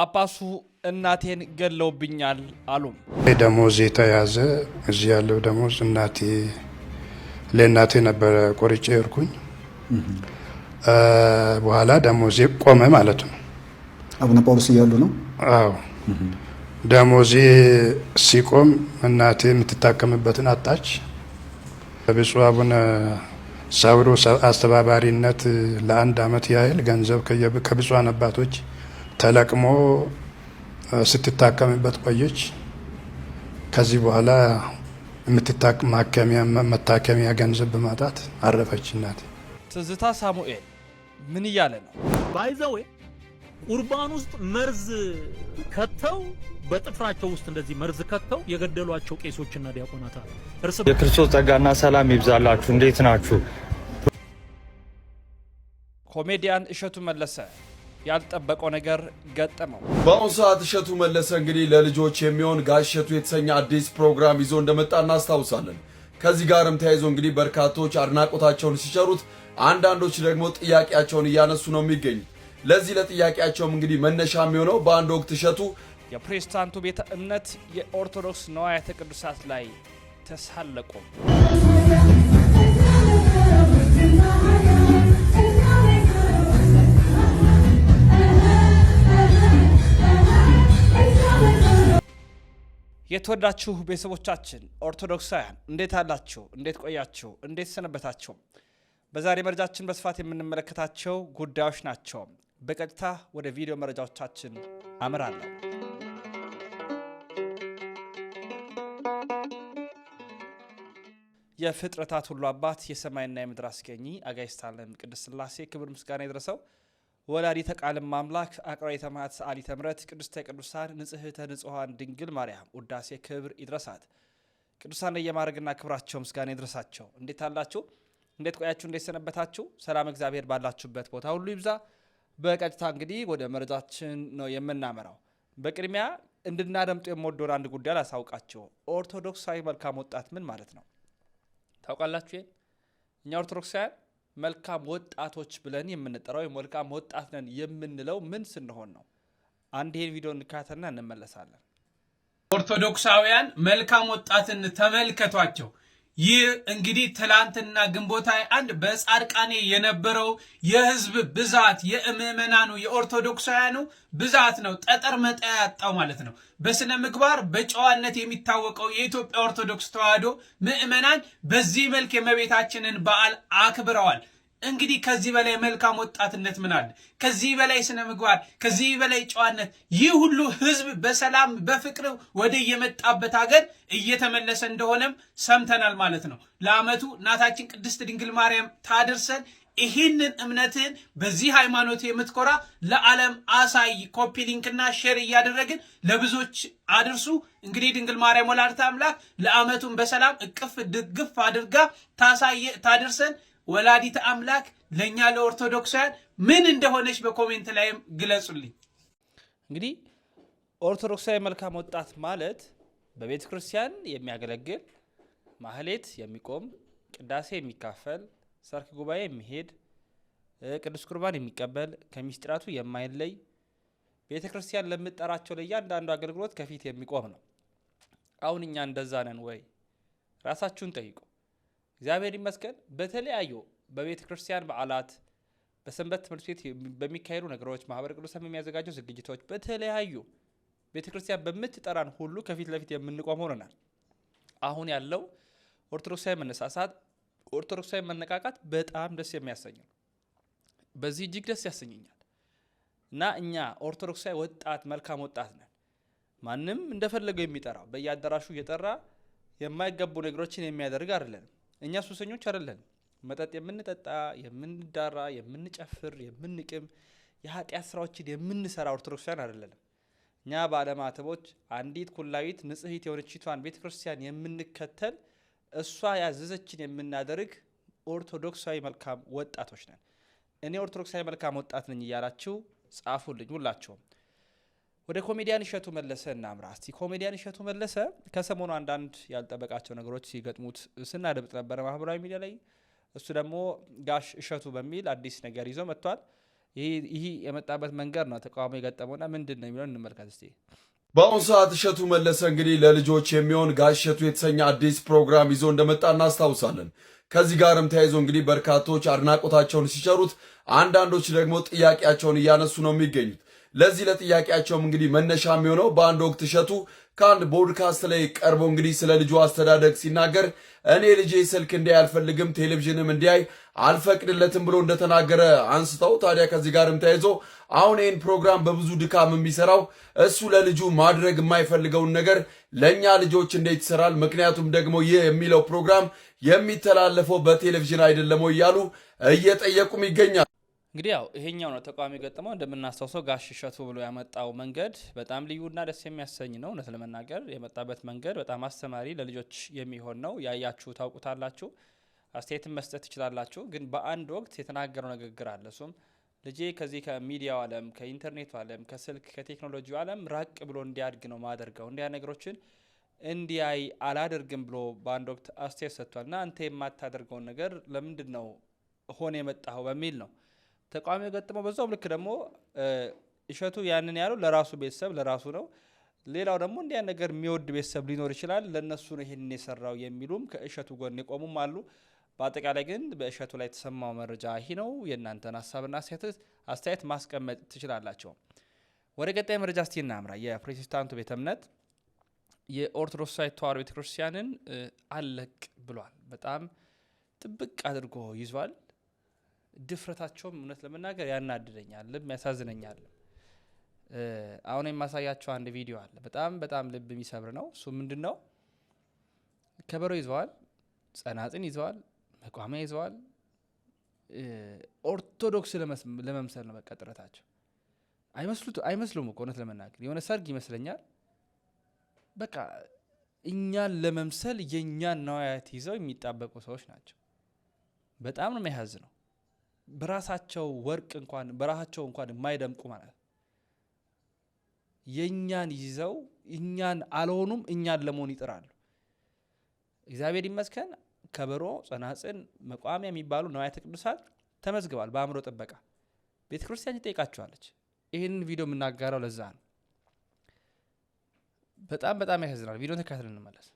ጳጳሱ እናቴን ገለውብኛል አሉ። ደሞዝ የተያዘ እዚህ ያለው ደሞዝ እናቴ ለእናቴ ነበረ ቆርጬ እርኩኝ። በኋላ ደሞዜ ቆመ ማለት ነው። አቡነ ጳውሎስ እያሉ ነው። አዎ ደሞዜ ሲቆም እናቴ የምትታከምበትን አጣች። ብፁዕ አቡነ ሳዊሮስ አስተባባሪነት ለአንድ አመት ያህል ገንዘብ ከብፁዓን አባቶች ተለቅሞ ስትታከምበት ቆየች። ከዚህ በኋላ መታከሚያ ገንዘብ በማጣት አረፈች ናት። ትዝታ ሳሙኤል ምን እያለ ነው? ባይዘዌ ቁርባን ውስጥ መርዝ ከተው በጥፍራቸው ውስጥ እንደዚህ መርዝ ከተው የገደሏቸው ቄሶችና ዲያቆናት አሉ። እርስ የክርስቶስ ጸጋና ሰላም ይብዛላችሁ። እንዴት ናችሁ? ኮሜዲያን እሸቱ መለሰ ያልጠበቀው ነገር ገጠመው። በአሁኑ ሰዓት እሸቱ መለሰ እንግዲህ ለልጆች የሚሆን ጋሸቱ የተሰኘ አዲስ ፕሮግራም ይዞ እንደመጣ እናስታውሳለን። ከዚህ ጋርም ተያይዞ እንግዲህ በርካቶች አድናቆታቸውን ሲቸሩት፣ አንዳንዶች ደግሞ ጥያቄያቸውን እያነሱ ነው የሚገኝ። ለዚህ ለጥያቄያቸውም እንግዲህ መነሻ የሚሆነው በአንድ ወቅት እሸቱ የፕሬዝዳንቱ ቤተ እምነት የኦርቶዶክስ ነዋያተ ቅዱሳት ላይ ተሳለቁም የተወዳችሁ ቤተሰቦቻችን ኦርቶዶክሳውያን እንዴት አላችሁ? እንዴት ቆያችሁ? እንዴት ሰነበታችሁ? በዛሬ መረጃችን በስፋት የምንመለከታቸው ጉዳዮች ናቸው። በቀጥታ ወደ ቪዲዮ መረጃዎቻችን አምራለሁ። የፍጥረታት ሁሉ አባት የሰማይና የምድር አስገኚ አጋዕዝተ ዓለም ቅድስት ሥላሴ ክብር ምስጋና የደረሰው ወላዲተ ቃል አምላክ አቅራይ ተማት ሰአሊ ተምረት ቅድስተ ቅዱሳን ንጽህተ ንጹሐን ድንግል ማርያም ውዳሴ ክብር ይድረሳት። ቅዱሳን የማድረግና ክብራቸው ምስጋና ይድረሳቸው። እንዴት አላችሁ? እንዴት ቆያችሁ? እንዴት ሰነበታችሁ? ሰላም እግዚአብሔር ባላችሁበት ቦታ ሁሉ ይብዛ። በቀጥታ እንግዲህ ወደ መረጃችን ነው የምናመራው። በቅድሚያ እንድናደምጡ የምወደውን አንድ ጉዳይ ላሳውቃቸው። ኦርቶዶክሳዊ መልካም ወጣት ምን ማለት ነው ታውቃላችሁ? እኛ ኦርቶዶክሳውያን መልካም ወጣቶች ብለን የምንጠራው ወይም መልካም ወጣት ነን የምንለው ምን ስንሆን ነው? አንድ ይህን ቪዲዮ እንካተና እንመለሳለን። ኦርቶዶክሳውያን መልካም ወጣትን ተመልከቷቸው። ይህ እንግዲህ ትላንትና ግንቦት አንድ በጻድቃኔ የነበረው የህዝብ ብዛት የምዕመናኑ የኦርቶዶክሳውያኑ ብዛት ነው። ጠጠር መጣያ ያጣው ማለት ነው። በስነ ምግባር በጨዋነት የሚታወቀው የኢትዮጵያ ኦርቶዶክስ ተዋህዶ ምዕመናን በዚህ መልክ የእመቤታችንን በዓል አክብረዋል። እንግዲህ ከዚህ በላይ መልካም ወጣትነት ምን አለ? ከዚህ በላይ ስነ ምግባር፣ ከዚህ በላይ ጨዋነት። ይህ ሁሉ ህዝብ በሰላም በፍቅር ወደ የመጣበት ሀገር እየተመለሰ እንደሆነም ሰምተናል ማለት ነው። ለአመቱ እናታችን ቅድስት ድንግል ማርያም ታደርሰን። ይህንን እምነትህን በዚህ ሃይማኖት የምትኮራ ለዓለም አሳይ። ኮፒ ሊንክና ሼር እያደረግን ለብዙዎች አድርሱ። እንግዲህ ድንግል ማርያም ወላዲተ አምላክ ለአመቱን በሰላም እቅፍ ድግፍ አድርጋ ታሳየ ታደርሰን። ወላዲት አምላክ ለእኛ ለኦርቶዶክሳውያን ምን እንደሆነች በኮሜንት ላይም ግለጹልኝ። እንግዲህ ኦርቶዶክሳዊ መልካም ወጣት ማለት በቤተ ክርስቲያን የሚያገለግል ማህሌት የሚቆም ቅዳሴ የሚካፈል ሰርክ ጉባኤ የሚሄድ ቅዱስ ቁርባን የሚቀበል ከሚስጢራቱ የማይለይ ቤተ ክርስቲያን ለምጠራቸው ለእያንዳንዱ አገልግሎት ከፊት የሚቆም ነው። አሁን እኛ እንደዛ ነን ወይ? ራሳችሁን ጠይቁ። እግዚአብሔር ይመስገን በተለያዩ በቤተ ክርስቲያን በዓላት በሰንበት ትምህርት ቤት በሚካሄዱ ነገሮች ማህበረ ቅዱሳን የሚያዘጋጀው ዝግጅቶች በተለያዩ ቤተ ክርስቲያን በምትጠራን ሁሉ ከፊት ለፊት የምንቆም ሆነናል። አሁን ያለው ኦርቶዶክሳዊ መነሳሳት፣ ኦርቶዶክሳዊ መነቃቃት በጣም ደስ የሚያሰኝ ነው። በዚህ እጅግ ደስ ያሰኘኛል እና እኛ ኦርቶዶክሳዊ ወጣት መልካም ወጣት ነን። ማንም እንደፈለገው የሚጠራው በየአዳራሹ እየጠራ የማይገቡ ነገሮችን የሚያደርግ አይደለንም። እኛ ሱሰኞች አይደለን። መጠጥ የምንጠጣ የምንዳራ፣ የምንጨፍር፣ የምንቅም የኃጢአት ስራዎችን የምንሰራ ኦርቶዶክሳውያን አይደለንም። እኛ ባለማተቦች አንዲት ኩላዊት ንጽሕት የሆነችቷን ቤተ ክርስቲያን የምንከተል እሷ ያዘዘችን የምናደርግ ኦርቶዶክሳዊ መልካም ወጣቶች ነን። እኔ ኦርቶዶክሳዊ መልካም ወጣት ነኝ እያላችሁ ጻፉልኝ ሁላችሁም። ወደ ኮሜዲያን እሸቱ መለሰ እናምራ። እስቲ ኮሜዲያን እሸቱ መለሰ ከሰሞኑ አንዳንድ ያልጠበቃቸው ነገሮች ሲገጥሙት ስናደምጥ ነበረ ማህበራዊ ሚዲያ ላይ። እሱ ደግሞ ጋሽ እሸቱ በሚል አዲስ ነገር ይዞ መጥቷል። ይህ የመጣበት መንገድ ነው ተቃውሞ የገጠመውና ምንድን ነው የሚለውን እንመልከት እስቲ። በአሁኑ ሰዓት እሸቱ መለሰ እንግዲህ ለልጆች የሚሆን ጋሽ እሸቱ የተሰኘ አዲስ ፕሮግራም ይዞ እንደመጣ እናስታውሳለን። ከዚህ ጋርም ተያይዞ እንግዲህ በርካቶች አድናቆታቸውን ሲቸሩት፣ አንዳንዶች ደግሞ ጥያቄያቸውን እያነሱ ነው የሚገኙት። ለዚህ ለጥያቄያቸውም እንግዲህ መነሻ የሚሆነው በአንድ ወቅት እሸቱ ከአንድ ቦድካስት ላይ ቀርቦ እንግዲህ ስለ ልጁ አስተዳደግ ሲናገር እኔ ልጄ ስልክ እንዲያይ አልፈልግም፣ ቴሌቪዥንም እንዲያይ አልፈቅድለትም ብሎ እንደተናገረ አንስተው ታዲያ ከዚህ ጋርም ተያይዞ አሁን ይህን ፕሮግራም በብዙ ድካም የሚሰራው እሱ ለልጁ ማድረግ የማይፈልገውን ነገር ለእኛ ልጆች እንዴት ይሰራል? ምክንያቱም ደግሞ ይህ የሚለው ፕሮግራም የሚተላለፈው በቴሌቪዥን አይደለም እያሉ እየጠየቁም ይገኛል። እንግዲህ ያው ይሄኛው ነው ተቃዋሚ ገጥመው እንደምናስታውሰው ጋሽ እሸቱ ብሎ ያመጣው መንገድ በጣም ልዩና ደስ የሚያሰኝ ነው። እውነት ለመናገር የመጣበት መንገድ በጣም አስተማሪ ለልጆች የሚሆን ነው። ያያችሁ ታውቁታላችሁ፣ አስተያየትን መስጠት ትችላላችሁ። ግን በአንድ ወቅት የተናገረው ንግግር አለ። እሱም ልጄ ከዚህ ከሚዲያው ዓለም ከኢንተርኔቱ ዓለም ከስልክ ከቴክኖሎጂው ዓለም ራቅ ብሎ እንዲያድግ ነው ማደርገው እንዲያ ነገሮችን እንዲያይ አላደርግም ብሎ በአንድ ወቅት አስተያየት ሰጥቷል። እና አንተ የማታደርገውን ነገር ለምንድን ነው ሆነ የመጣኸው በሚል ነው ተቃዋሚ የገጠመው በዛው ልክ ደግሞ እሸቱ ያንን ያለው ለራሱ ቤተሰብ ለራሱ ነው። ሌላው ደግሞ እንዲያ ነገር የሚወድ ቤተሰብ ሊኖር ይችላል። ለእነሱ ነው ይህን የሰራው የሚሉም ከእሸቱ ጎን የቆሙም አሉ። በአጠቃላይ ግን በእሸቱ ላይ የተሰማው መረጃ ይህ ነው። የእናንተን ሀሳብና አስተያየት ማስቀመጥ ትችላላቸው። ወደ ቀጣይ መረጃ እስቲ እናምራ። የፕሮቴስታንቱ ቤተ እምነት የኦርቶዶክስ ተዋሕዶ ቤተክርስቲያንን አለቅ ብሏል። በጣም ጥብቅ አድርጎ ይዟል። ድፍረታቸውም እውነት ለመናገር ልብ ያሳዝነኛል። አሁን የማሳያቸው አንድ ቪዲዮ አለ። በጣም በጣም ልብ የሚሰብር ነው። እሱ ምንድን ነው? ከበሮ ይዘዋል፣ ጸናጽን ይዘዋል፣ መቋሚያ ይዘዋል። ኦርቶዶክስ ለመምሰል ነው በቃ ጥረታቸው። አይመስሉም እኮ እውነት ለመናገር የሆነ ሰርግ ይመስለኛል። በቃ እኛን ለመምሰል የእኛን ነዋያት ይዘው የሚጣበቁ ሰዎች ናቸው። በጣም ነው ነው። በራሳቸው ወርቅ እንኳን በራሳቸው እንኳን የማይደምቁ ማለት የእኛን ይዘው እኛን አልሆኑም እኛን ለመሆን ይጥራሉ። እግዚአብሔር ይመስገን ከበሮ፣ ጸናጽን፣ መቋሚያ የሚባሉ ነዋያተ ቅዱሳት ተመዝግቧል። በአእምሮ ጥበቃ ቤተ ክርስቲያን ይጠይቃቸዋለች። ይህንን ቪዲዮ የምናጋራው ለዛ ነው። በጣም በጣም ያሳዝናል። ቪዲዮን ተከታትለን እንመለስ።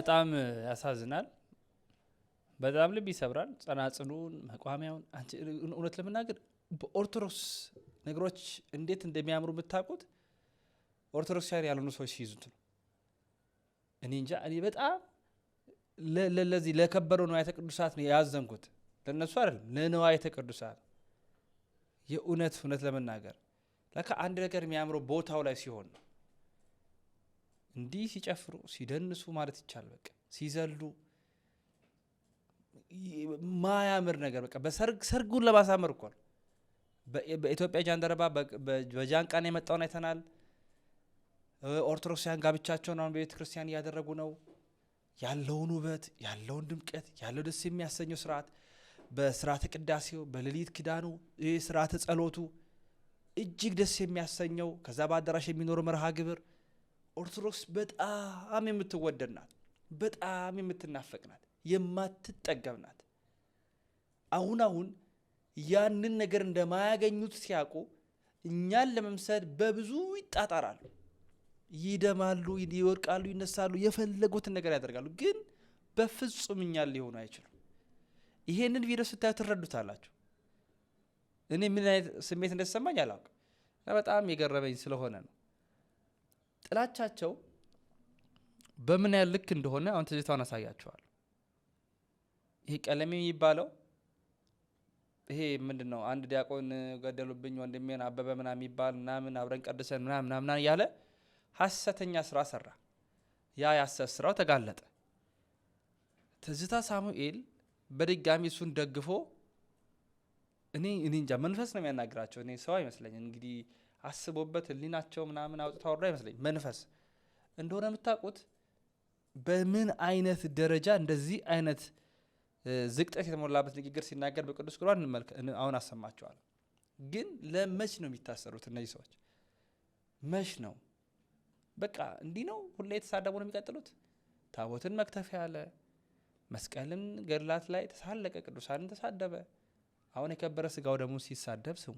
በጣም ያሳዝናል። በጣም ልብ ይሰብራል። ጸናጽሉን መቋሚያውን እውነት ለመናገር በኦርቶዶክስ ነገሮች እንዴት እንደሚያምሩ የምታውቁት ኦርቶዶክሳውያን ያልሆኑ ሰዎች ሲይዙት ነው። እኔ እንጃ እኔ በጣም ለዚህ ለከበረው ንዋየተ ቅዱሳት ነው ያዘንኩት። ለእነሱ አይደለም ለንዋየተ ቅዱሳት የእውነት እውነት ለመናገር ለካ አንድ ነገር የሚያምረው ቦታው ላይ ሲሆን ነው። እንዲህ ሲጨፍሩ ሲደንሱ ማለት ይቻላል። በቃ ሲዘሉ ማያምር ነገር በቃ በሰርግ ሰርጉን ለማሳመር እኳል በኢትዮጵያ ጃንደረባ በጃንቃን የመጣውን አይተናል። ኦርቶዶክሳውያን ጋብቻቸውን አሁን በቤተ ክርስቲያን እያደረጉ ነው። ያለውን ውበት፣ ያለውን ድምቀት፣ ያለው ደስ የሚያሰኘው ስርዓት በስርዓተ ቅዳሴው፣ በሌሊት ኪዳኑ፣ ስርዓተ ጸሎቱ እጅግ ደስ የሚያሰኘው ከዛ በአዳራሽ የሚኖረው መርሃ ግብር ኦርቶዶክስ በጣም የምትወደድ ናት። በጣም የምትናፈቅ ናት። የማትጠገብ ናት። አሁን አሁን ያንን ነገር እንደማያገኙት ሲያውቁ እኛን ለመምሰል በብዙ ይጣጣራሉ፣ ይደማሉ፣ ይወድቃሉ፣ ይነሳሉ፣ የፈለጉትን ነገር ያደርጋሉ። ግን በፍጹም እኛን ሊሆኑ አይችሉም። ይሄንን ቪዲዮ ስታዩ ትረዱታላችሁ። እኔ ምን አይነት ስሜት እንደተሰማኝ አላውቅም። በጣም የገረመኝ ስለሆነ ነው። ጥላቻቸው በምን ያህል ልክ እንደሆነ አሁን ትዝታውን አሳያቸዋል። ይሄ ቀለም የሚባለው ይሄ ምንድን ነው? አንድ ዲያቆን ገደሉብኝ ወንድሜን አበበ ምና የሚባል ምናምን አብረን ቀድሰን ምናምን ምናምን ያለ ሀሰተኛ ስራ ሰራ። ያ ያሰት ስራው ተጋለጠ። ትዝታ ሳሙኤል በድጋሚ እሱን ደግፎ እኔ እኔ እንጃ መንፈስ ነው የሚያናግራቸው። እኔ ሰው አይመስለኝ እንግዲህ አስቦበት ህሊናቸው ምናምን አውጥታ ወርዶ አይመስለኝ መንፈስ እንደሆነ የምታውቁት በምን አይነት ደረጃ እንደዚህ አይነት ዝቅጠት የተሞላበት ንግግር ሲናገር በቅዱስ ቁርባን አሁን አሰማቸዋል። ግን ለመች ነው የሚታሰሩት እነዚህ ሰዎች? መች ነው በቃ እንዲህ ነው ሁሌ የተሳደቡ ነው የሚቀጥሉት። ታቦትን መክተፍ ያለ መስቀልን ገድላት ላይ ተሳለቀ፣ ቅዱሳንን ተሳደበ። አሁን የከበረ ስጋው ደግሞ ሲሳደብ ስሙ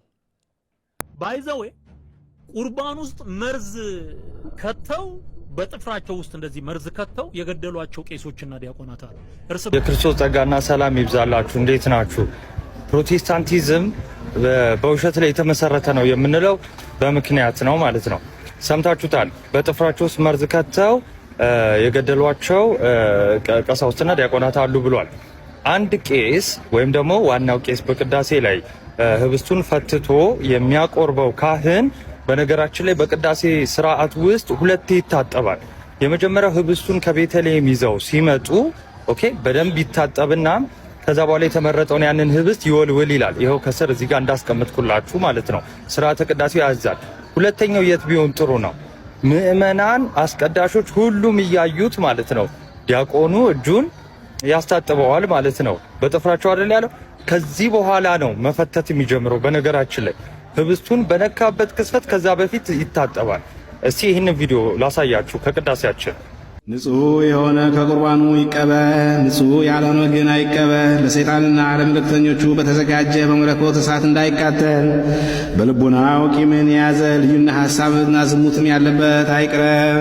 ባይዘዌ ቁርባን ውስጥ መርዝ ከተው በጥፍራቸው ውስጥ እንደዚህ መርዝ ከተው የገደሏቸው ቄሶችና ዲያቆናት አሉ። እርስ የክርስቶስ ጸጋና ሰላም ይብዛላችሁ። እንዴት ናችሁ? ፕሮቴስታንቲዝም በውሸት ላይ የተመሰረተ ነው የምንለው በምክንያት ነው ማለት ነው። ሰምታችሁታል። በጥፍራቸው ውስጥ መርዝ ከተው የገደሏቸው ቀሳውስትና ዲያቆናት አሉ ብሏል። አንድ ቄስ ወይም ደግሞ ዋናው ቄስ በቅዳሴ ላይ ህብስቱን ፈትቶ የሚያቆርበው ካህን በነገራችን ላይ በቅዳሴ ስርዓት ውስጥ ሁለቴ ይታጠባል። የመጀመሪያው ህብስቱን ከቤተልሔም ይዘው ሲመጡ ኦኬ፣ በደንብ ይታጠብና ከዛ በኋላ የተመረጠውን ያንን ህብስት ይወልውል ይላል። ይኸው ከስር እዚህ ጋር እንዳስቀምጥኩላችሁ ማለት ነው። ስርዓተ ቅዳሴው ያዛል። ሁለተኛው የት ቢሆን ጥሩ ነው? ምእመናን አስቀዳሾች፣ ሁሉም እያዩት ማለት ነው። ዲያቆኑ እጁን ያስታጥበዋል ማለት ነው። በጥፍራቸው አይደል ያለው ከዚህ በኋላ ነው መፈተት የሚጀምረው። በነገራችን ላይ ህብስቱን በነካበት ቅስፈት ከዛ በፊት ይታጠባል። እስቲ ይህንን ቪዲዮ ላሳያችሁ ከቅዳሴያችን ንጹሕ የሆነ ከቁርባኑ ይቀበል፣ ንጹሕ ያልሆነ ግን አይቀበል። ለሰይጣንና ለመልእክተኞቹ በተዘጋጀ በመለኮት እሳት እንዳይቃጠል በልቡናው ቂምን የያዘ ልዩና ሐሳብና ዝሙትም ያለበት አይቅረብ።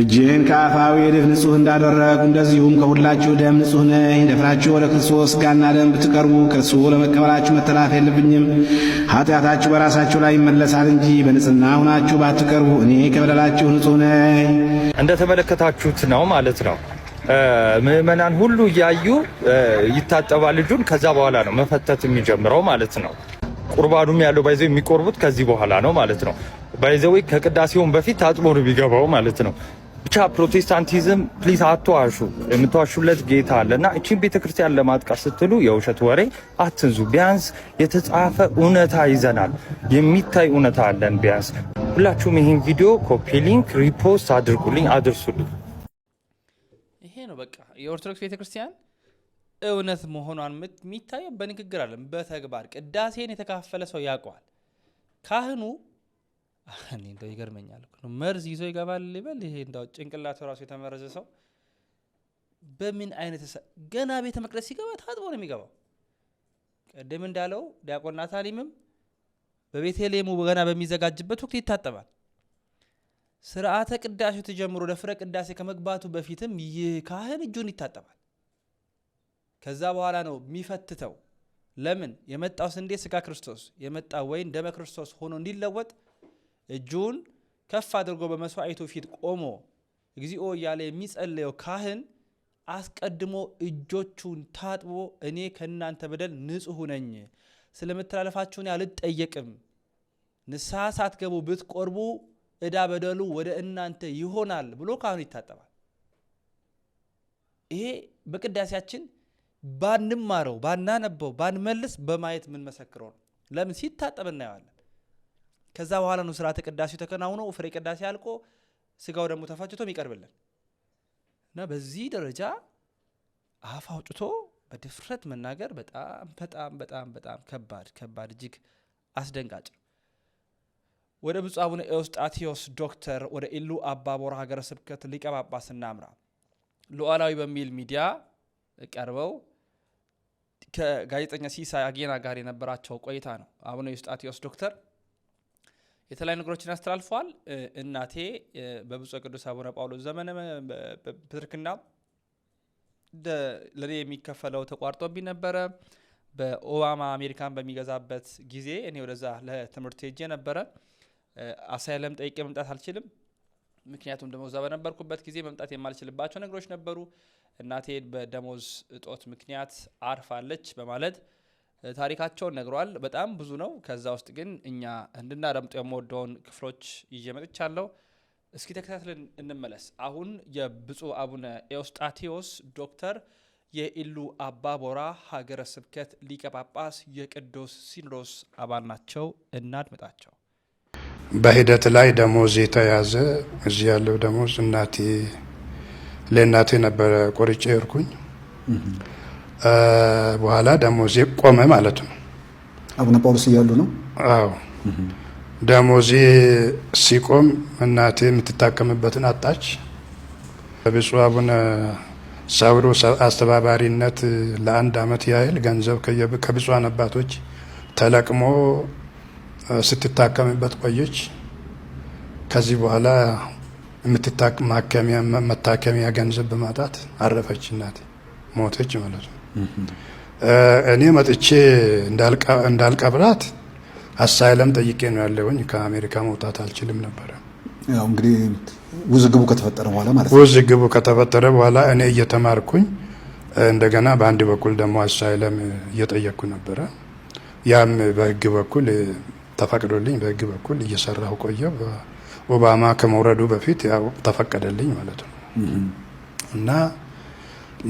እጅህን ከአፋዊ እድፍ ንጹሕ እንዳደረግ እንደዚሁም ከሁላችሁ ደም ንጹሕ ነኝ። ደፍራችሁ ወደ ክርስቶስ ጋና ደም ብትቀርቡ ከእርሱ ለመቀበላችሁ መተላፍ የለብኝም። ኃጢአታችሁ በራሳችሁ ላይ ይመለሳል እንጂ በንጽህና ሁናችሁ ባትቀርቡ እኔ ከበደላችሁ ንጹሕ ነኝ። እንደተመለከታችሁት ነው ማለት ነው። ምዕመናን ሁሉ እያዩ ይታጠባል እጁን። ከዛ በኋላ ነው መፈተት የሚጀምረው ማለት ነው። ቁርባኑም ያለው ባይዘው የሚቆርቡት ከዚህ በኋላ ነው ማለት ነው። ባይዘው ከቅዳሴውን በፊት ታጥቦ ነው የሚገባው ማለት ነው። ብቻ ፕሮቴስታንቲዝም ፕሊዝ አትዋሹ። የምትዋሹለት ጌታ አለና እቺን ቤተክርስቲያን ለማጥቃት ስትሉ የውሸት ወሬ አትንዙ። ቢያንስ የተጻፈ እውነታ ይዘናል። የሚታይ እውነታ አለን። ቢያንስ ሁላችሁም ይህን ቪዲዮ ኮፒ ሊንክ፣ ሪፖስት አድርጉልኝ፣ አድርሱልኝ። ይሄ ነው በቃ የኦርቶዶክስ ቤተክርስቲያን እውነት መሆኗን የሚታየው በንግግር አለን፣ በተግባር ቅዳሴን የተካፈለ ሰው ያውቀዋል ካህኑ እኔ እንደው ይገርመኛል። መርዝ ይዞ ይገባል ሊበል ይሄ እንደው ጭንቅላቱ ራሱ የተመረዘ ሰው በምን አይነት ገና ቤተ መቅደስ ሲገባ ታጥቦ ነው የሚገባው። ቅድም እንዳለው ዲያቆን ናታኒምም በቤተልሔሙ ገና በሚዘጋጅበት ወቅት ይታጠባል። ስርዓተ ቅዳሴ ተጀምሮ ለፍረ ቅዳሴ ከመግባቱ በፊትም ይህ ካህን እጁን ይታጠባል። ከዛ በኋላ ነው የሚፈትተው። ለምን የመጣው ስንዴ ስጋ ክርስቶስ የመጣው ወይን ደመ ክርስቶስ ሆኖ እንዲለወጥ እጁን ከፍ አድርጎ በመስዋዕቱ ፊት ቆሞ እግዚኦ እያለ የሚጸለየው ካህን አስቀድሞ እጆቹን ታጥቦ እኔ ከእናንተ በደል ንጹሕ ነኝ፣ ስለመተላለፋችሁን አልጠየቅም፣ ንስሐ ሳትገቡ ብትቆርቡ እዳ በደሉ ወደ እናንተ ይሆናል ብሎ ካህኑ ይታጠባል። ይሄ በቅዳሴያችን ባንማረው፣ ባናነበው፣ ባንመልስ በማየት የምንመሰክረው ነው። ለምን ሲታጠብ እናየዋለን። ከዛ በኋላ ነው ስርዓተ ቅዳሴው ተከናውኖ ፍሬ ቅዳሴ አልቆ ስጋው ደግሞ ተፋጭቶ ይቀርብልን እና በዚህ ደረጃ አፍ አውጥቶ በድፍረት መናገር በጣም በጣም በጣም በጣም ከባድ ከባድ እጅግ አስደንጋጭ ነው። ወደ ብፁ አቡነ ኤውስጣቴዎስ ዶክተር ወደ ኢሉ አባቦር ሀገረ ስብከት ሊቀ ጳጳስ እናምራ። ሉዓላዊ በሚል ሚዲያ ቀርበው ከጋዜጠኛ ሲሳይ አጌና ጋር የነበራቸው ቆይታ ነው። አቡነ ኤውስጣቴዎስ ዶክተር የተለያዩ ነገሮችን አስተላልፈዋል። እናቴ በብፁዕ ቅዱስ አቡነ ጳውሎስ ዘመነ ፕትርክና ለእኔ የሚከፈለው ተቋርጦብኝ ነበረ። በኦባማ አሜሪካን በሚገዛበት ጊዜ እኔ ወደዛ ለትምህርት ሄጄ ነበረ። አሳይለም ጠይቄ መምጣት አልችልም። ምክንያቱም ደሞዝ በነበርኩበት ጊዜ መምጣት የማልችልባቸው ነገሮች ነበሩ። እናቴ በደሞዝ እጦት ምክንያት አርፋለች በማለት ታሪካቸውን ነግሯል በጣም ብዙ ነው። ከዛ ውስጥ ግን እኛ እንድናዳምጡ የምወደውን ክፍሎች ይዤ መጥቻለሁ። እስኪ ተከታትለን እንመለስ። አሁን የብፁዕ አቡነ ኤውስጣቴዎስ ዶክተር የኢሉ አባቦራ ሀገረ ስብከት ሊቀ ጳጳስ የቅዱስ ሲኖዶስ አባል ናቸው። እናድምጣቸው። በሂደት ላይ ደሞዝ የተያዘ እዚህ ያለው ደሞዝ እናቴ ለእናቴ ነበረ ቆርጬ እርኩኝ በኋላ ደሞዜ ቆመ ማለት ነው። አቡነ ጳውሎስ እያሉ ነው። አዎ ደሞዜ ሲቆም እናቴ የምትታከምበትን አጣች። ብፁዕ አቡነ ሳውሮ አስተባባሪነት ለአንድ አመት ያህል ገንዘብ ከብፁዓን አባቶች ተለቅሞ ስትታከምበት ቆየች። ከዚህ በኋላ የምትታከሚያ መታከሚያ ገንዘብ በማጣት አረፈች። እናቴ ሞተች ማለት ነው። እኔ መጥቼ እንዳልቀብራት አሳይለም ጠይቄ ነው ያለውኝ። ከአሜሪካ መውጣት አልችልም ነበረ። እንግዲህ ውዝግቡ ከተፈጠረ በኋላ ማለት ነው። ውዝግቡ ከተፈጠረ በኋላ እኔ እየተማርኩኝ እንደገና በአንድ በኩል ደግሞ አሳይለም እየጠየቅኩ ነበረ። ያም በህግ በኩል ተፈቅዶልኝ በህግ በኩል እየሰራሁ ቆየው። ኦባማ ከመውረዱ በፊት ያው ተፈቀደልኝ ማለት ነው እና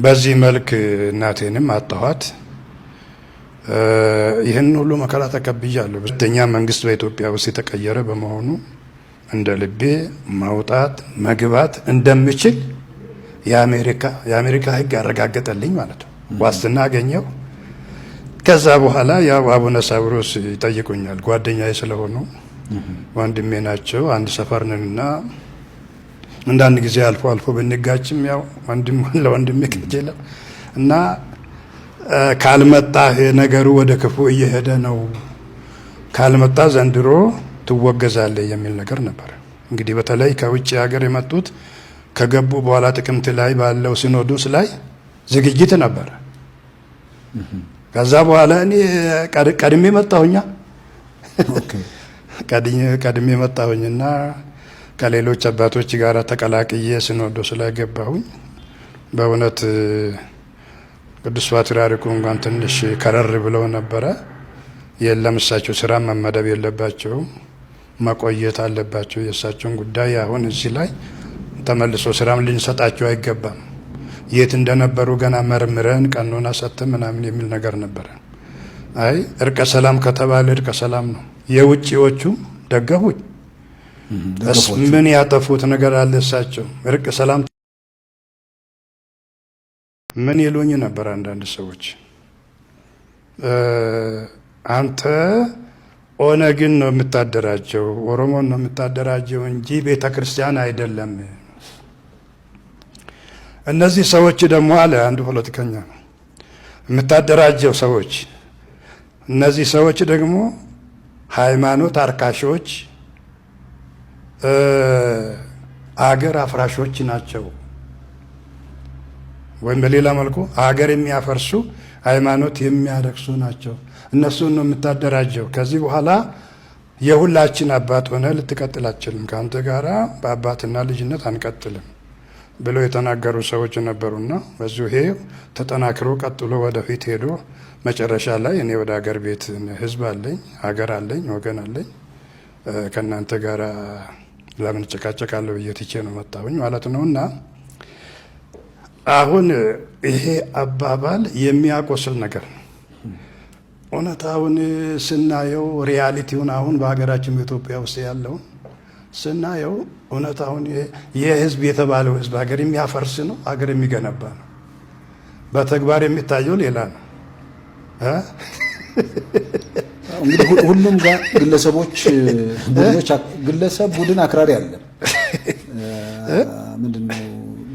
በዚህ መልክ እናቴንም አጣኋት። ይህን ሁሉ መከራ ተቀብያለሁ። ሁለተኛ መንግስት በኢትዮጵያ ውስጥ የተቀየረ በመሆኑ እንደ ልቤ መውጣት መግባት እንደምችል የአሜሪካ የአሜሪካ ህግ አረጋገጠልኝ ማለት ነው። ዋስትና አገኘው። ከዛ በኋላ ያው አቡነ ሳብሮስ ይጠይቁኛል። ጓደኛዬ ስለሆኑ ወንድሜ ናቸው። አንድ ሰፈር ነንና አንዳንድ ጊዜ አልፎ አልፎ ብንጋጭም ያው ወንድም ለወንድም ይከጀላል እና ካልመጣ ነገሩ ወደ ክፉ እየሄደ ነው፣ ካልመጣ ዘንድሮ ትወገዛለህ የሚል ነገር ነበር። እንግዲህ በተለይ ከውጭ ሀገር የመጡት ከገቡ በኋላ ጥቅምት ላይ ባለው ሲኖዶስ ላይ ዝግጅት ነበር። ከዛ በኋላ እኔ ቀድሜ መጣሁኛ ቀድሜ መጣሁኝና ከሌሎች አባቶች ጋር ተቀላቅዬ ሲኖዶስ ላይ ገባሁኝ። በእውነት ቅዱስ ፓትርያርኩ እንኳን ትንሽ ከረር ብለው ነበረ። የለም እሳቸው ስራ መመደብ የለባቸውም መቆየት አለባቸው። የእሳቸውን ጉዳይ አሁን እዚህ ላይ ተመልሶ ስራም ልንሰጣቸው አይገባም። የት እንደነበሩ ገና መርምረን ቀኖና አሰጥተን ምናምን የሚል ነገር ነበረ። አይ እርቀ ሰላም ከተባለ እርቀ ሰላም ነው። የውጭዎቹ ደገፉኝ። ምን ያጠፉት ነገር አለ? እሳቸው እርቅ ሰላም ምን ይሉኝ ነበር አንዳንድ ሰዎች አንተ ኦነግን ነው የምታደራጀው፣ ኦሮሞን ነው የምታደራጀው እንጂ ቤተ ክርስቲያን አይደለም። እነዚህ ሰዎች ደግሞ አለ አንዱ ፖለቲከኛ ነው የምታደራጀው ሰዎች፣ እነዚህ ሰዎች ደግሞ ሃይማኖት አርካሾች አገር አፍራሾች ናቸው። ወይም በሌላ መልኩ አገር የሚያፈርሱ ሃይማኖት የሚያረክሱ ናቸው። እነሱን ነው የምታደራጀው። ከዚህ በኋላ የሁላችን አባት ሆነ ልትቀጥል አትችልም፣ ከአንተ ጋር በአባትና ልጅነት አንቀጥልም ብለው የተናገሩ ሰዎች ነበሩና በዚሁ ሄ ተጠናክሮ ቀጥሎ ወደፊት ሄዶ መጨረሻ ላይ እኔ ወደ ሀገር ቤት ህዝብ አለኝ፣ ሀገር አለኝ፣ ወገን አለኝ ከእናንተ ጋር ለምን ጭቃጭቃለሁ ብዬ ትቼ ነው መጣሁኝ ማለት ነው። እና አሁን ይሄ አባባል የሚያቆስል ነገር ነው። እውነታውን ስናየው ሪያሊቲውን አሁን በሀገራችን በኢትዮጵያ ውስጥ ያለውን ስናየው እውነታውን የህዝብ የተባለው ህዝብ ሀገር የሚያፈርስ ነው፣ ሀገር የሚገነባ ነው። በተግባር የሚታየው ሌላ ነው። እንግዲህ ሁሉም ጋር ግለሰቦች፣ ቡድኖች ግለሰብ ቡድን አክራሪ አለ። ምንድነው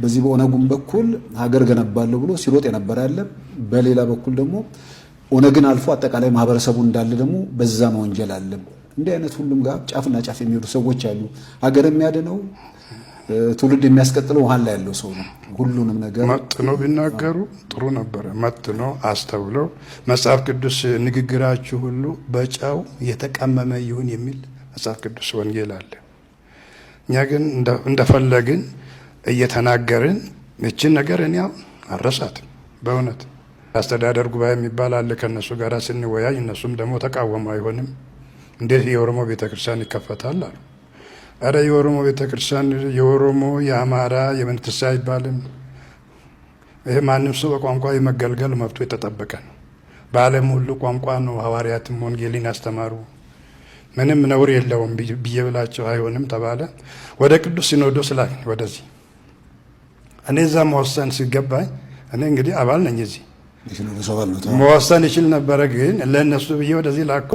በዚህ በኦነጉም በኩል ሀገር ገነባለሁ ብሎ ሲሮጥ የነበረ አለ። በሌላ በኩል ደግሞ ኦነግን አልፎ አጠቃላይ ማህበረሰቡ እንዳለ ደግሞ በዛ መወንጀል አለ። እንዲህ አይነት ሁሉም ጋር ጫፍና ጫፍ የሚሄዱ ሰዎች አሉ። ሀገር የሚያድነው ትውልድ የሚያስቀጥለው ውሃን ላይ ያለው ሰው ነው። ሁሉንም ነገር መጥኖ ቢናገሩ ጥሩ ነበረ። መጥኖ አስተውለው መጽሐፍ ቅዱስ ንግግራችሁ ሁሉ በጨው የተቀመመ ይሁን የሚል መጽሐፍ ቅዱስ ወንጌል አለ። እኛ ግን እንደፈለግን እየተናገርን እችን ነገር እኔ አረሳት በእውነት አስተዳደር ጉባኤ የሚባል አለ። ከእነሱ ጋር ስንወያይ እነሱም ደግሞ ተቃወሙ። አይሆንም እንዴት የኦሮሞ ቤተክርስቲያን ይከፈታል አሉ። እረ የኦሮሞ ቤተክርስቲያን የኦሮሞ የአማራ የመንትሳ አይባልም። ይህ ማንም ሰው በቋንቋ የመገልገል መብቱ የተጠበቀ ነው። በዓለም ሁሉ ቋንቋ ነው። ሐዋርያትም ወንጌልን አስተማሩ። ምንም ነውር የለውም ብዬ ብላቸው አይሆንም ተባለ። ወደ ቅዱስ ሲኖዶስ ላይ ወደዚህ እኔ እዛ መወሰን ሲገባኝ እኔ እንግዲህ አባል ነኝ እዚህ መወሰን ይችል ነበረ፣ ግን ለእነሱ ብዬ ወደዚህ ላኩ።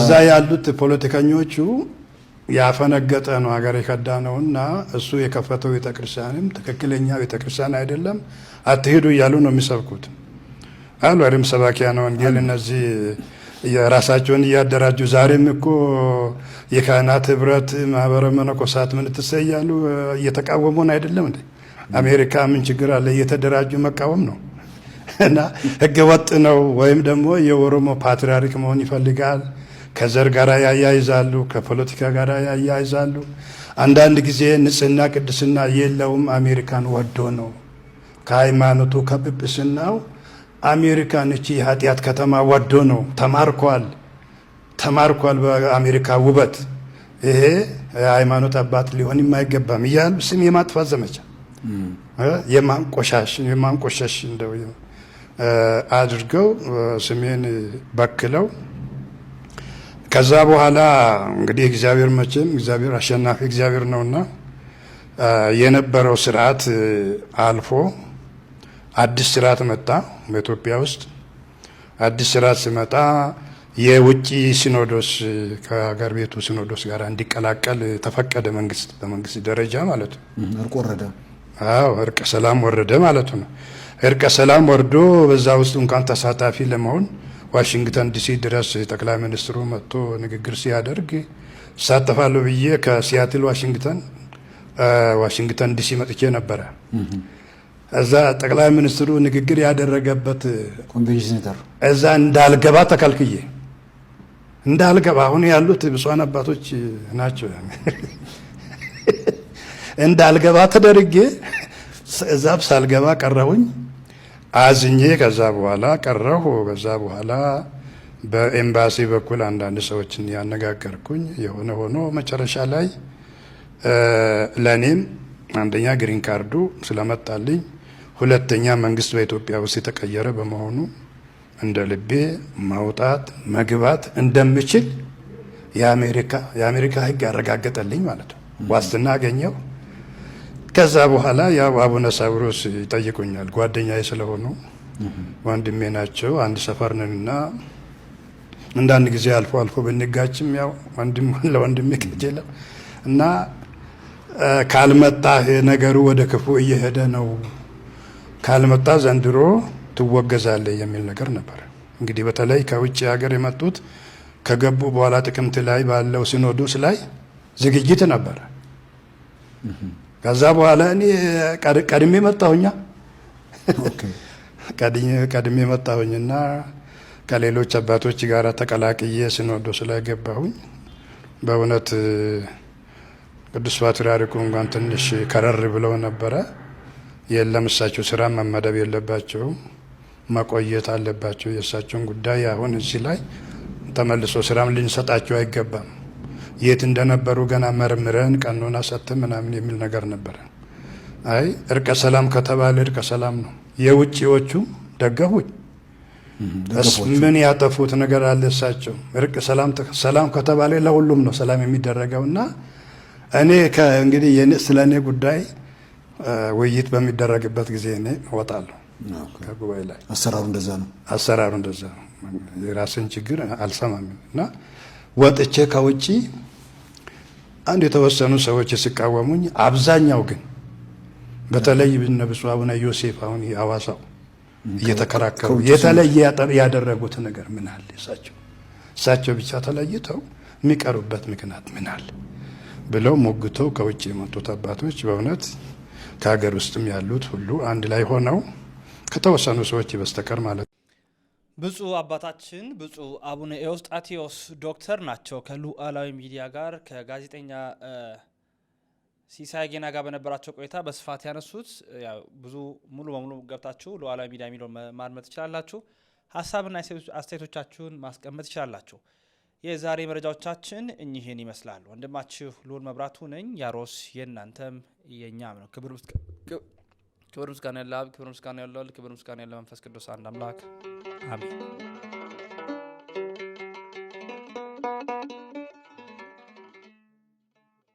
እዛ ያሉት ፖለቲከኞቹ ያፈነገጠ ነው ሀገር የከዳ ነው እና እሱ የከፈተው ቤተክርስቲያንም ትክክለኛ ቤተክርስቲያን አይደለም፣ አትሄዱ እያሉ ነው የሚሰብኩት አሉ አይደል? ሰባኪያነ ወንጌል እነዚህ የራሳቸውን እያደራጁ ዛሬም እኮ የካህናት ህብረት ማህበረ መነኮሳት ምን ትሰያሉ እየተቃወሙን አይደለም እንዴ? አሜሪካ ምን ችግር አለ? እየተደራጁ መቃወም ነው እና ህገ ወጥ ነው ወይም ደግሞ የኦሮሞ ፓትሪያርክ መሆን ይፈልጋል ከዘር ጋር ያያይዛሉ፣ ከፖለቲካ ጋር ያያይዛሉ። አንዳንድ ጊዜ ንጽህና ቅድስና የለውም። አሜሪካን ወዶ ነው ከሃይማኖቱ ከጵጵስናው አሜሪካን እቺ የኃጢአት ከተማ ወዶ ነው። ተማርኳል ተማርኳል በአሜሪካ ውበት ይሄ የሃይማኖት አባት ሊሆን የማይገባም እያሉ ስም የማጥፋት ዘመቻ የማንቆሻሽ የማንቆሻሽ እንደው አድርገው ስሜን በክለው ከዛ በኋላ እንግዲህ እግዚአብሔር መቼም እግዚአብሔር አሸናፊ እግዚአብሔር ነውና የነበረው ስርዓት አልፎ አዲስ ስርዓት መጣ። በኢትዮጵያ ውስጥ አዲስ ስርዓት ሲመጣ የውጭ ሲኖዶስ ከሀገር ቤቱ ሲኖዶስ ጋር እንዲቀላቀል ተፈቀደ። መንግስት በመንግስት ደረጃ ማለት ነው። እርቅ ወረደ። አዎ እርቀ ሰላም ወረደ ማለት ነው። እርቀ ሰላም ወርዶ በዛ ውስጥ እንኳን ተሳታፊ ለመሆን ዋሽንግተን ዲሲ ድረስ ጠቅላይ ሚኒስትሩ መጥቶ ንግግር ሲያደርግ እሳተፋለሁ ብዬ ከሲያትል ዋሽንግተን ዋሽንግተን ዲሲ መጥቼ ነበረ። እዛ ጠቅላይ ሚኒስትሩ ንግግር ያደረገበት እዛ እንዳልገባ ተከልክዬ እንዳልገባ አሁን ያሉት ብፁዓን አባቶች ናቸው። እንዳልገባ ተደርጌ እዛ ሳልገባ ቀረሁኝ። አዝኜ ከዛ በኋላ ቀረሁ። ከዛ በኋላ በኤምባሲ በኩል አንዳንድ ሰዎችን ያነጋገርኩኝ። የሆነ ሆኖ መጨረሻ ላይ ለእኔም አንደኛ ግሪን ካርዱ ስለመጣልኝ፣ ሁለተኛ መንግስት በኢትዮጵያ ውስጥ የተቀየረ በመሆኑ እንደ ልቤ መውጣት መግባት እንደምችል የአሜሪካ ህግ ያረጋገጠልኝ ማለት ነው። ዋስትና አገኘው። ከዛ በኋላ ያው አቡነ ሳዊሮስ ይጠይቁኛል። ጓደኛዬ ስለሆኑ ወንድሜ ናቸው። አንድ ሰፈር ነን እና አንዳንድ ጊዜ አልፎ አልፎ ብንጋጭም ያው ወንድም ለወንድሜ ከጀለ እና ካልመጣ ነገሩ ወደ ክፉ እየሄደ ነው፣ ካልመጣ ዘንድሮ ትወገዛለህ የሚል ነገር ነበር። እንግዲህ በተለይ ከውጭ ሀገር የመጡት ከገቡ በኋላ ጥቅምት ላይ ባለው ሲኖዶስ ላይ ዝግጅት ነበረ። ከዛ በኋላ እኔ ቀድሜ መጣሁኛ ቀድሜ መጣሁኝና ከሌሎች አባቶች ጋር ተቀላቅዬ ሲኖዶስ ላይ ገባሁኝ። በእውነት ቅዱስ ፓትርያርኩ እንኳን ትንሽ ከረር ብለው ነበረ። የለም እሳቸው ስራ መመደብ የለባቸውም መቆየት አለባቸው። የእሳቸውን ጉዳይ አሁን እዚህ ላይ ተመልሶ ስራም ልንሰጣቸው አይገባም። የት እንደነበሩ ገና መርምረን ቀኖና ሰጥተን ምናምን የሚል ነገር ነበረ። አይ እርቀ ሰላም ከተባለ እርቀ ሰላም ነው። የውጭዎቹ ደገፉኝ። ምን ያጠፉት ነገር አለ? እሳቸው እርቅ ሰላም ከተባለ ለሁሉም ነው ሰላም የሚደረገው እና እኔ እንግዲህ ስለ እኔ ጉዳይ ውይይት በሚደረግበት ጊዜ እኔ እወጣለሁ ከጉባኤ ላይ። አሰራሩ እንደዛ ነው። አሰራሩ እንደዛ ነው። የራስን ችግር አልሰማም እና ወጥቼ ከውጭ አንድ የተወሰኑ ሰዎች ሲቃወሙኝ፣ አብዛኛው ግን በተለይ እነ ብፁዕ አቡነ ዮሴፍ አሁን የሐዋሳው እየተከራከሩ የተለየ ያደረጉት ነገር ምን አለ? እሳቸው እሳቸው ብቻ ተለይተው የሚቀሩበት ምክንያት ምን አለ ብለው ሞግተው ከውጭ የመጡት አባቶች በእውነት ከሀገር ውስጥም ያሉት ሁሉ አንድ ላይ ሆነው ከተወሰኑ ሰዎች በስተቀር ማለት ብፁዕ አባታችን ብፁዕ አቡነ ኤዎስጣቴዎስ ዶክተር ናቸው። ከሉዓላዊ ሚዲያ ጋር ከጋዜጠኛ ሲሳይ ጌና ጋር በነበራቸው ቆይታ በስፋት ያነሱት ብዙ ሙሉ በሙሉ ገብታችሁ ሉዓላዊ ሚዲያ የሚለው ማድመጥ ትችላላችሁ። ሀሳብና አስተያየቶቻችሁን ማስቀመጥ ትችላላችሁ። የዛሬ መረጃዎቻችን እኚህን ይመስላሉ። ወንድማችሁ ልዑል መብራቱ ነኝ። ያሮስ የእናንተም የእኛም ነው። ክብር ክብር ምስጋና ያለ አብ፣ ክብር ምስጋና ያለ ወልድ፣ ክብር ምስጋና ያለ መንፈስ ቅዱስ አንድ አምላክ አሜን።